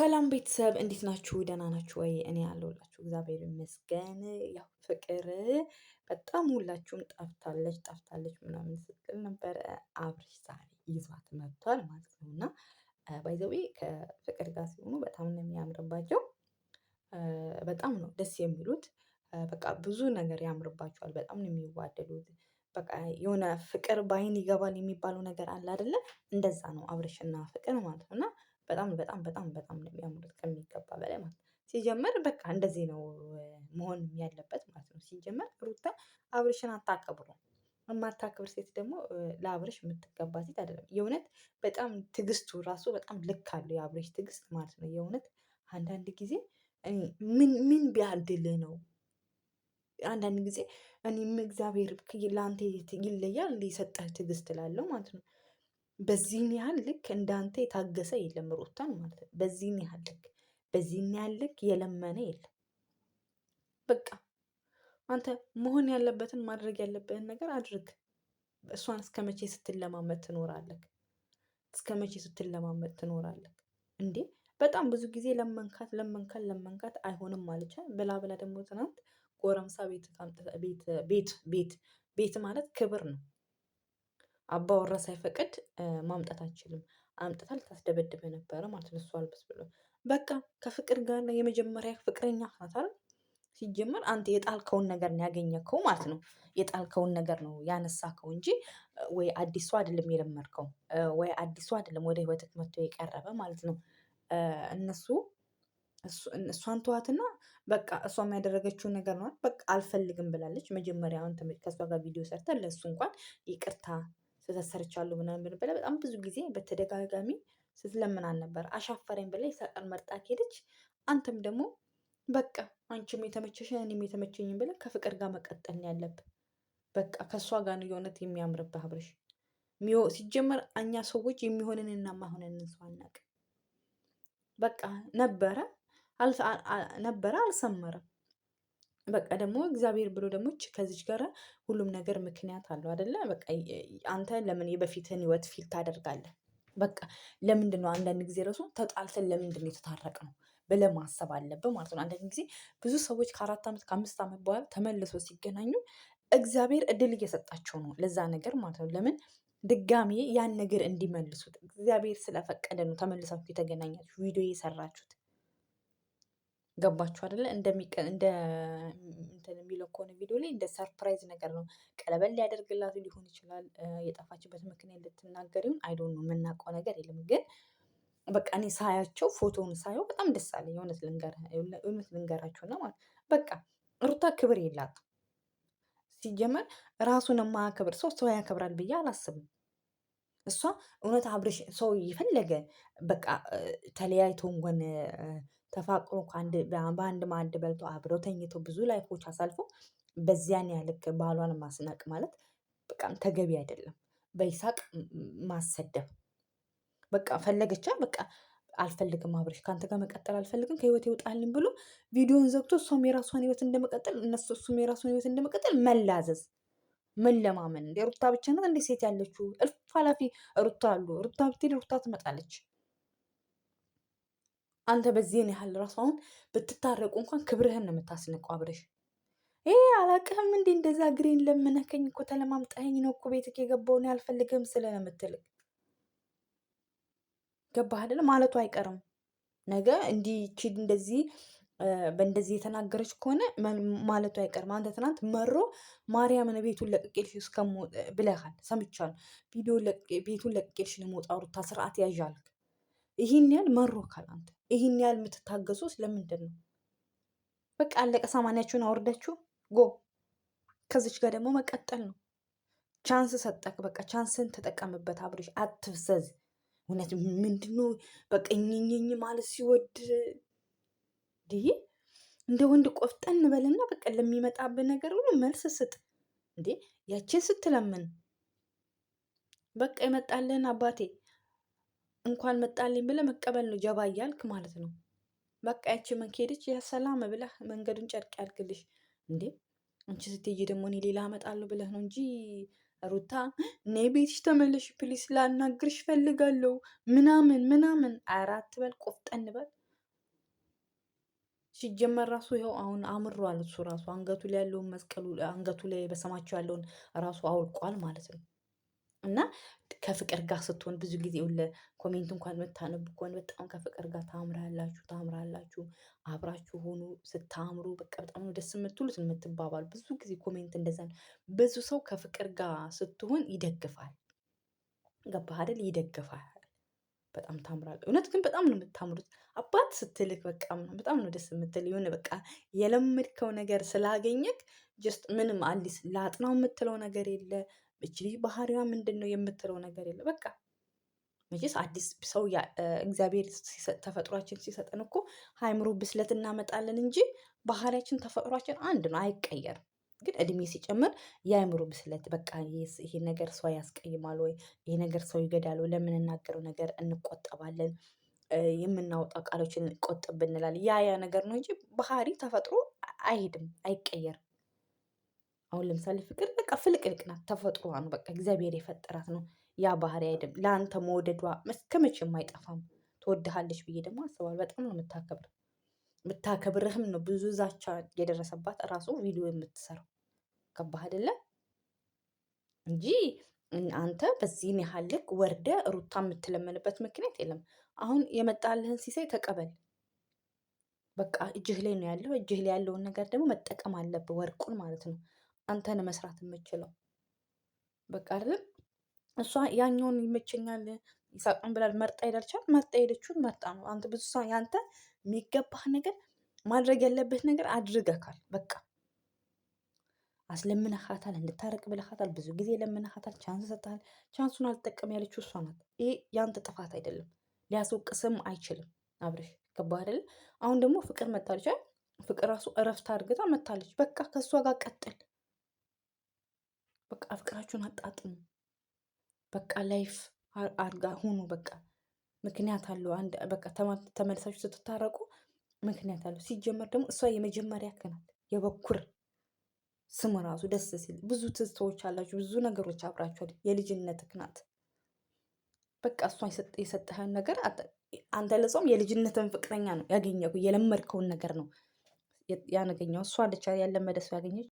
ሰላም ቤተሰብ እንዴት ናችሁ? ደህና ናችሁ ወይ? እኔ ያለሁላችሁ እግዚአብሔር ይመስገን። ያው ፍቅር በጣም ሁላችሁም ጠፍታለች ጠፍታለች ምናምን ስትል ነበረ። አብርሽ ዛሬ ይዟት መጥቷል ማለት ነው። እና ባይዘዊ ከፍቅር ጋር ሲሆኑ በጣም ነው የሚያምርባቸው። በጣም ነው ደስ የሚሉት። በቃ ብዙ ነገር ያምርባቸዋል። በጣም ነው የሚዋደዱት። በቃ የሆነ ፍቅር በአይን ይገባል የሚባለው ነገር አለ አይደለ? እንደዛ ነው አብርሽና ፍቅር ማለት ነው እና በጣም በጣም በጣም በጣም ነው የሚያምሩት ከሚገባ በላይ ማለት ነው። ሲጀመር በቃ እንደዚህ ነው መሆን ያለበት ማለት ነው። ሲጀመር ሩታ አብርሽን አታከብረውም። የማታከብር ሴት ደግሞ ለአብርሽ የምትገባ ሴት አይደለም። የእውነት በጣም ትግስቱ ራሱ በጣም ልክ አለው የአብርሽ ትዕግስት ማለት ነው። የእውነት አንዳንድ ጊዜ ምን ምን ነው? አንዳንድ ጊዜ እኔም እግዚአብሔር ለአንተ ይለያል የሰጠህ ትዕግስት ላለው ማለት ነው። በዚህን ያህል ልክ እንዳንተ የታገሰ የለም፣ ሩታን ማለት ነው። በዚህን ያህል ልክ በዚህን ያህል ልክ የለመነ የለም። በቃ አንተ መሆን ያለበትን ማድረግ ያለብህን ነገር አድርግ። እሷን እስከ መቼ ስትለማመጥ ትኖራለህ? እስከ መቼ ስትለማመጥ ትኖራለህ እንዴ? በጣም ብዙ ጊዜ ለመንካት ለመንካት ለመንካት አይሆንም ማለቻ ብላ ብላ ደግሞ ትናንት ጎረምሳ ቤት ቤት ቤት ቤት ማለት ክብር ነው። አባወራ ሳይፈቅድ ማምጣት አትችልም። አምጥታ ልታስደበድበ ነበረ ማለት ነው። እሱ አልበስ ብሎ በቃ ከፍቅር ጋር ነው የመጀመሪያ ፍቅረኛ ናት ሲጀመር አንተ የጣልከውን ነገር ነው ያገኘከው ማለት ነው። የጣልከውን ነገር ነው ያነሳከው እንጂ ወይ አዲሱ አይደለም የለመድከው ወይ አዲሱ አይደለም ወደ ህይወትህ መጥቶ የቀረበ ማለት ነው። እነሱ እሷን ተዋትና በቃ እሷ የሚያደረገችውን ነገር ነው በቃ አልፈልግም ብላለች። መጀመሪያውን ከእሷ ጋር ቪዲዮ ሰርተ ለእሱ እንኳን ይቅርታ ስህተት ሰርቻለሁ ምናምን ብንበላ በጣም ብዙ ጊዜ በተደጋጋሚ ስትለምናን ነበር። አሻፈረኝ ብላ ይሳቅን መርጣ ሄደች። አንተም ደግሞ በቃ አንቺም የተመቸሽን እኔም የተመቸኝን ብለህ ከፍቅር ጋር መቀጠል ያለብ በቃ ከእሷ ጋር ነው የእውነት የሚያምርብህ አብርሽ። ሲጀመር እኛ ሰዎች የሚሆንንና ማይሆንንን ሰው አናውቅም። በቃ ነበረ ነበረ አልሰመረም በቃ ደግሞ እግዚአብሔር ብሎ ደግሞ ከዚች ጋር ሁሉም ነገር ምክንያት አለው አደለ? በቃ አንተ ለምን የበፊትን ህይወት ፊል ታደርጋለህ? በቃ ለምንድን ነው አንዳንድ ጊዜ ረሱ ተጣልተን ለምንድን ነው የተታረቅ ነው ብለህ ማሰብ አለብህ ማለት ነው። አንዳንድ ጊዜ ብዙ ሰዎች ከአራት ዓመት ከአምስት ዓመት በኋላ ተመልሶ ሲገናኙ እግዚአብሔር እድል እየሰጣቸው ነው ለዛ ነገር ማለት ነው። ለምን ድጋሜ ያን ነገር እንዲመልሱት እግዚአብሔር ስለፈቀደ ነው ተመልሳችሁ የተገናኛችሁ ቪዲዮ የሰራችሁት። ገባችሁ አደለ? እንደ እንትን የሚለው ከሆነ ቪዲዮ ላይ እንደ ሰርፕራይዝ ነገር ነው። ቀለበል ሊያደርግላት ሊሆን ይችላል። የጠፋችበት ምክንያት ልትናገር ይሁን አይዶን ነው የምናውቀው ነገር የለም። ግን በቃ እኔ ሳያቸው ፎቶውን ሳየው በጣም ደስ አለኝ። እውነት ልንገራችሁና ማለት በቃ ሩታ ክብር የላት ሲጀመር ራሱን የማያከብር ሰው ሰው ያከብራል ብዬ አላስብም። እሷ እውነት አብርሽ ሰው የፈለገ በቃ ተለያይቶ እንኳን ተፋቅሮ በአንድ ማዕድ በልቶ አብሮ ተኝቶ ብዙ ላይፎች አሳልፎ በዚያን ያልክ ባሏን ማስናቅ ማለት በጣም ተገቢ አይደለም። በይሳቅ ማሰደብ በቃ ፈለገቻ በቃ አልፈልግም አብረሽ ከአንተ ጋር መቀጠል አልፈልግም ከህይወት ይወጣልኝ ብሎ ቪዲዮን ዘግቶ እሷም የራሷን ህይወት እንደመቀጠል እነሱ እሱም የራሷን ህይወት እንደመቀጠል መላዘዝ ምን ለማመን እንደ ሩታ ብቻ ናት እንደ ሴት ያለችው እልፍ ኃላፊ ሩታ አሉ ሩታ ብትሄድ ሩታ ትመጣለች። አንተ በዚህን ያህል ራሱ አሁን ብትታረቁ እንኳን ክብርህን ነው የምታስንቀው አብርሽ። ይሄ አላቅህም እንዲ እንደዛ ግሪን ለምነከኝ እኮ ተለማምጣኸኝ ነው እኮ ቤትክ የገባውን ያልፈልግህም ስለምትልቅ ገባህ አይደል ማለቱ አይቀርም። ነገ እንዲች እንደዚህ በእንደዚህ የተናገረች ከሆነ ማለቱ አይቀርም። አንተ ትናንት መሮ ማርያምን ቤቱን ለቅቄልሽ እስከ ብለሃል፣ ሰምቻለሁ። ቪዲዮ ቤቱን ለቅቄልሽ ነው ሩታ ስርዓት ያዣልክ ይህን ያህል መሮካል። አንተ ይህን ያህል የምትታገሱ ስለምንድን ነው? በቃ አለቀ። ሰማንያችሁን አወርዳችሁ ጎ ከዚች ጋር ደግሞ መቀጠል ነው። ቻንስ ሰጠክ፣ በቃ ቻንስን ተጠቀምበት። አብሪሽ አትፍዘዝ። እውነት ምንድነው? በቃ ማለት ሲወድ ድይ እንደ ወንድ ቆፍጠን በልና በቃ ለሚመጣብን ነገር ሁሉ መልስ ስጥ። እንዴ ያችን ስትለምን በቃ ይመጣልን አባቴ እንኳን መጣልኝ ብለህ መቀበል ነው ጀባ እያልክ ማለት ነው። በቃ ያቺ መንኬድች ያሰላም ብለህ መንገዱን ጨርቅ ያድርግልሽ እንዴ አንቺ ስትይ ደግሞ እኔ ሌላ አመጣለሁ ብለህ ነው እንጂ ሩታ እኔ ቤትሽ ተመለሽ ፕሊስ፣ ላናግርሽ ፈልጋለሁ ምናምን ምናምን። አራት በል ቆፍጠን በል ሲጀመር ራሱ ይኸው አሁን አምሯል። እሱ ራሱ አንገቱ ላይ ያለውን መስቀሉ አንገቱ ላይ በሰማቸው ያለውን ራሱ አውልቋል ማለት ነው። እና ከፍቅር ጋር ስትሆን ብዙ ጊዜ ኮሜንት እንኳን የምታነቡ ከሆነ በጣም ከፍቅር ጋር ታምራላችሁ ታምራላችሁ አብራችሁ ሆኑ ስታምሩ በቃ በጣም ነው ደስ የምትሉት የምትባባሉ። ብዙ ጊዜ ኮሜንት እንደዛ ነው። ብዙ ሰው ከፍቅር ጋር ስትሆን ይደግፋል። ገባህ አይደል? ይደግፋል። በጣም ታምራል። እውነት ግን በጣም ነው የምታምሩት። አባት ስትልክ በቃ በጣም ነው ደስ የምትል የሆነ በቃ የለመድከው ነገር ስላገኘክ ጀስት ምንም አዲስ ላጥናው የምትለው ነገር የለ። እች ልጅ ባህሪዋ ምንድን ነው የምትለው ነገር የለ። በቃ መቼስ አዲስ ሰው እግዚአብሔር ተፈጥሯችን ሲሰጠን እኮ ሀይምሮ ብስለት እናመጣለን እንጂ ባህሪያችን ተፈጥሯችን አንድ ነው፣ አይቀየርም። ግን እድሜ ሲጨምር የአእምሮ ብስለት በቃ ይሄ ነገር ሰው ያስቀይማል ወይ ይሄ ነገር ሰው ይገዳል ወይ ለምንናገረው ነገር እንቆጠባለን፣ የምናወጣ ቃሎችን ቆጥብ እንላለን። ያ ያ ነገር ነው እንጂ ባህሪ ተፈጥሮ አይሄድም፣ አይቀየርም። አሁን ለምሳሌ ፍቅር በቃ ፍልቅልቅ ናት፣ ተፈጥሮዋ ነው። በቃ እግዚአብሔር የፈጠራት ነው። ያ ባህሪ አይደለም። ለአንተ መወደዷ እስከመቼም አይጠፋም። ትወድሃለች ብዬ ደግሞ አስባለሁ። በጣም ነው የምታከብር የምታከብርህም ነው። ብዙ ዛቻ የደረሰባት እራሱ ቪዲዮ የምትሰራው ገባህ አይደለ? እንጂ አንተ በዚህን ያህል ልክ ወርደ ሩታ የምትለመንበት ምክንያት የለም። አሁን የመጣልህን ሲሳይ ተቀበል። በቃ እጅህ ላይ ነው ያለው። እጅህ ላይ ያለውን ነገር ደግሞ መጠቀም አለብህ፣ ወርቁን ማለት ነው። አንተን መስራት የምችለው በቃ አይደለም። እሷ ያኛውን ይመቸኛል ይሳቅም ብላል መርጣ ሄዳልቻል መርጣ ሄደችውን መርጣ ነው። አንተ ብዙ ሰው ያንተ የሚገባህ ነገር ማድረግ ያለብህ ነገር አድርገካል። በቃ አስለምነካታል፣ እንድታረቅ ብለካታል፣ ብዙ ጊዜ ለምነካታል፣ ቻንስ ሰጥሃል። ቻንሱን አልጠቀም ያለችው እሷ ናት። ይሄ ያንተ ጥፋት አይደለም። ሊያስወቅስም አይችልም። አብረሽ ገባ አይደለም። አሁን ደግሞ ፍቅር መታለች። ፍቅር ራሱ እረፍት አድርግታ መታለች። በቃ ከእሷ ጋር ቀጥል። በቃ ፍቅራችሁን አጣጥሙ። በቃ ላይፍ አርጋ ሁኑ። በቃ ምክንያት አለው። አንድ በቃ ተመልሳችሁ ስትታረቁ ምክንያት አለው። ሲጀመር ደግሞ እሷ የመጀመሪያ ክናት የበኩር ስም ራሱ ደስ ሲል ብዙ ትዝታዎች አላችሁ፣ ብዙ ነገሮች አብራችኋል። የልጅነት ክናት በቃ እሷ የሰጠህን ነገር አንተ ለጾም የልጅነትን ፍቅረኛ ነው ያገኘ የለመድከውን ነገር ነው ያነገኘው እሷ ልቻ ያለመደ ሰው ያገኘች